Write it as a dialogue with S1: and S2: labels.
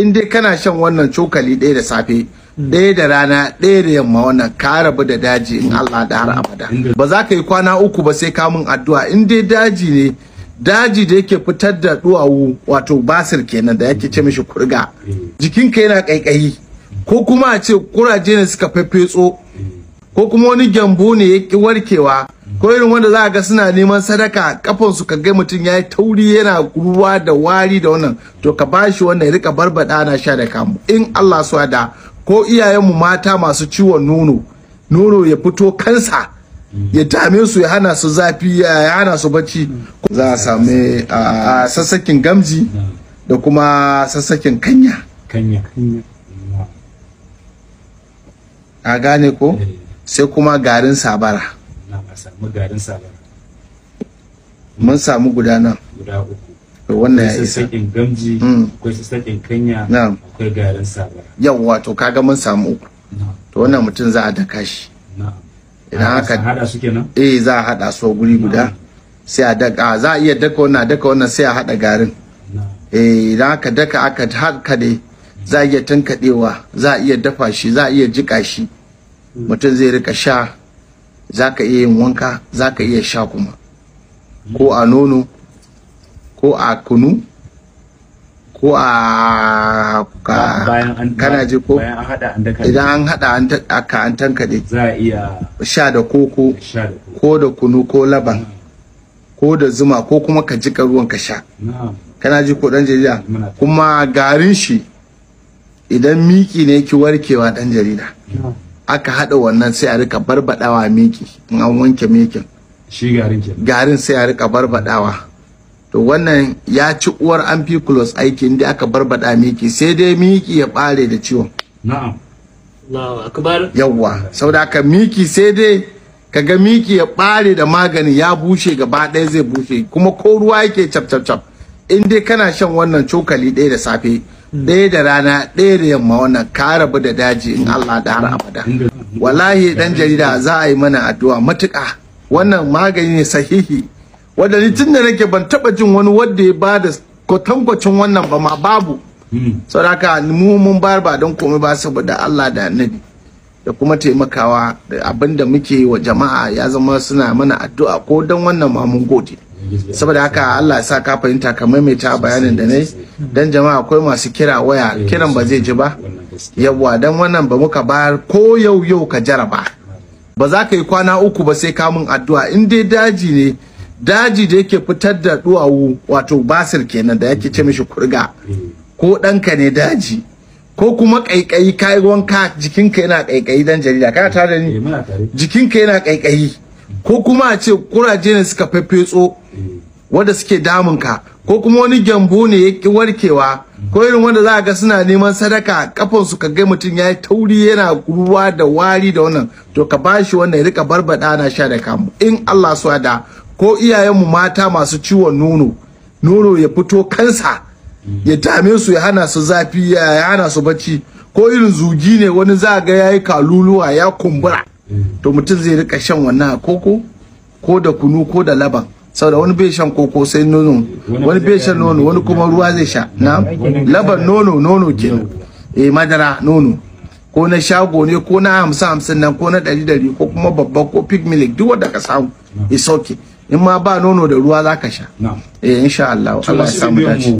S1: in dai kana shan wannan cokali ɗaya da safe ɗaya da rana ɗaya da yamma wannan ka rabu da daji in Allah da har abada ba za ka yi kwana uku ba sai kamun addu'a in dai daji ne daji da yake fitar da duwawu wato basir kenan da yake ce mishi kurga jikinka yana kaikayi ko kuma a ce kuraje ne suka fefetso ko kuma wani gyambo ne ya ki warkewa ko irin wanda za ga suna neman sadaka kafan su kaga mutum yayi tauri yana ruwa da wari da wannan to ka bashi wannan ya rika barbada na sha da kamu in Allah su da ko mu mata masu ciwon nono nono ya fito kansa ya dame su ya hana su zafi ya hana su bacci za a same a sassakin gamji da kuma sassakin kanya kanya a gane ko eh. sai kuma garin sabara samu garin sabar mun samu guda nan guda uku to wannan ya isa sakin gamji mm. akwai sakin kanya akwai garin sabar yawa to kaga mun samu uku to wannan mutum za a daka shi idan haka hada su kenan eh za a hada su guri guda sai a daka za a iya daka wannan daka wannan sai a hada garin eh idan haka daka aka haka dai za a iya tankadewa za a iya dafa shi za a iya jika shi mm. mutum zai rika sha za ka iya yin wanka za ka iya sha kuma ko a nono ko a kunu ko a ka kana ji ko idan an hada aka an iya sha da koko ko da kunu ko laban ko da zuma ko kuma ka jika ruwan ka sha kana ji ko dan jarida kuma garin shi idan miki ne ki warkewa dan jarida aka haɗa wannan sai a rika barbaɗawa miki in an wanke mikin shi garin garin sai a rika barbaɗawa to wannan ya ci uwar ampiculus aiki inda aka barbaɗa miki sai dai miki ya ɓare da ciwon na'am yawwa da haka miki sai dai kaga miki ya ɓare da magani ya bushe gaba ɗaya zai bushe kuma ko ruwa yake cap cap cap in dai kana shan wannan cokali ɗaya da safe mm. ɗaya da rana ɗaya da yamma wannan ka rabu da daji in Allah da har abada wallahi dan jarida za a yi mana addu'a matuƙa wannan magani ne sahihi wanda ni tun da nake ban taɓa jin wani wanda ya ba da kwatankwacin wannan ba ma babu mm. saboda mu mun bayar ba don komai ba saboda Allah da annabi da kuma taimakawa da abinda da muke wa jama'a ya zama suna mana addu'a ko don wannan ma mun gode saboda haka Allah ya sa ka fahimta ka maimaita bayanin da nayi dan jama'a akwai masu kira waya eh, kiran ba zai ji ba yawa dan wannan ba muka bayar ko yau yau ka jaraba ba za ka yi kwana uku ba sai ka mun addu'a in dai daji ne daji da yake fitar da duwawu wato basir kenan da yake ce mishi kurga ko ɗanka ne daji ko kuma ƙaiƙayi yi wanka jikinka yana ƙaiƙayi dan jarida kana tare da ni eh, jikinka yana kaikayi. ko kuma a ce kuraje ne suka fefetso wanda suke damunka ko kuma wani gyambo ne ya ki warkewa ko irin wanda za ga suna neman sadaka kafan su ga mutum ya yi tauri yana ruwa da wari da wannan to ka bashi wannan ya rika barbada na sha da kamu in Allah su da ko iyayenmu mata masu ciwon nono nono ya fito kansa ya dame su ya hana su zafi ya hana su bacci ko irin zugi ne wani za ga yayi kaluluwa ya kumbura to mutum zai rika shan wannan koko ko da kunu ko da laban da wani bai shan koko sai nono wani bai shan nono wani kuma ruwa zai sha na laban nono nono ke eh madara nono ko na shago ne ko na hamsin hamsin nan ko na ɗari ɗari ko kuma babban ko pig milk duk wanda ka samu is okay in ma ba nono da ruwa za ka sha eh insha Allah Allah ya samu dace